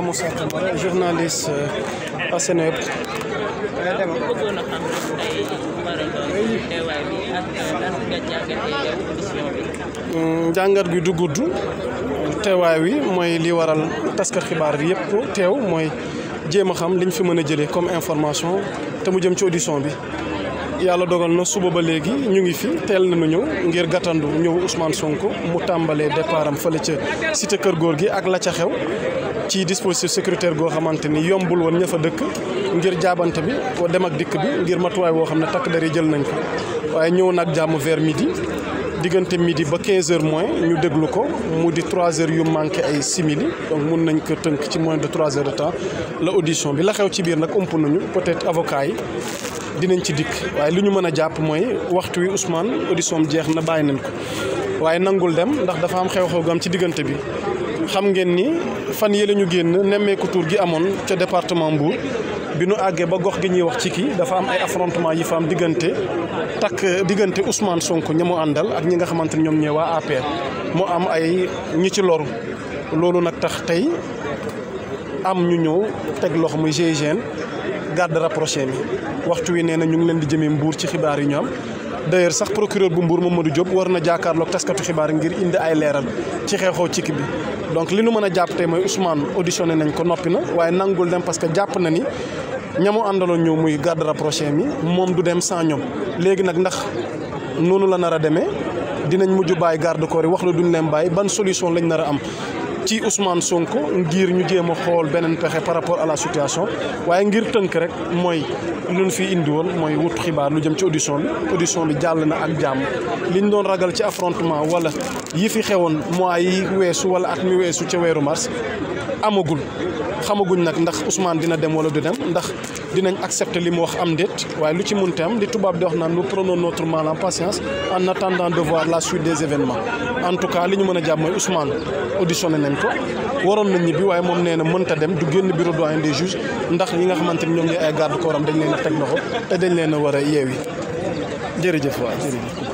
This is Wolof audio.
Adja Moussa Toumbara journaliste euh, à mm, jàngat gi du gudd teewaay wi mooy li waral taskat xibaar bi yëpp teew mooy jéem a xam liñ fi mën a jëlee comme information te mu jëm ci audition bi. yàlla dogal na suba ba léegi ñu ngi fi teel nañu ñëw ngir gàttandu ñëw Ousmane Sonko mu tàmbalee départ am fële ca cité kër góor gi ak la ca xew ci dispositif sécuritaire goo xamante ni yombul woon ña fa dëkk ngir jaabante bi ko dem ak dikk bi ngir matuwaay woo xam ne takk dara jël nañ ko waaye ñëw nag jàmm vers midi diggante midi ba quinze heures moins ñu déglu ko mu di trois heures yu manqué ay simili donc mun nañ ko tënk ci moins de trois heures de temps la audition bi la xew ci biir nag ump nañu peut-être avocat yi dinañ ci dikk waaye li ñu mën a jàpp mooy waxtu wi Ousmane audition jeex na bàyyi nañ ko waaye nangul dem ndax dafa am xew-xew ci diggante bi xam ngeen ni fan yële ñu génn nemmeeku tur gi amoon ca département Mbour bi nu àggee ba gox gi ñuy wax ci kii dafa am ay affrontement yi fa diggante takk diggante Ousmane Sonko ña mu àndal ak ñi nga xamante ni ñoom ñee waa APR mu am ay ñi ci loru loolu nag tax tey am ñu ñëw teg loxo muy GIGN garde rapproché mi waxtu wi nee na ñu ngi leen di jëmee mbuur ci xibaar yi ñu am d'ailleurs sax procureur bu Mbour Mamadou Diop war na jàkkaarloog taskatu xibaar ngir indi ay leeral ci xeexoo cikki bi donc li nu mën a jàpp tey mooy audition auditionné nañ ko noppi na waaye nangul dem parce que jàpp na ni ñamu àndaloon ñëw muy garde rapproché mi moom du dem sans ñoom léegi nag ndax noonu la nar a demee dinañ mujj bàyyi garde corps yi wax la duñ leen bàyyi ban solution lañ nar a am ci Ousmane Sonko ngir ñu jéem a xool beneen pexe par rapport à la situation waaye ngir tënk rek mooy luñ fi indi woon mooy wut xibaar lu jëm ci audition bi audition bi jàll na ak jàmm liñ doon ragal ci affrontement wala yi fi xewoon mois yi weesu wala at mi weesu ca weeru mars amagul xamaguñ nag ndax Ousmane dina dem wala du dem ndax dinañ accepter li mu wax am déet waaye lu ci mënti am li tubaab di wax naan nous prenons notre mal en patience en attendant de voir la suite des événements en tout cas li ñu mën a jàpp mooy Ousmane auditionné nañ ko waroon nañ ñibbi waaye moom nee na mënta dem du génn bureau doyen des juges ndax ñi nga xamante ni ñoo ñooy ay garde corps am dañ leen a teg loxo te dañ leen a war a yeewi jërëjëf waaw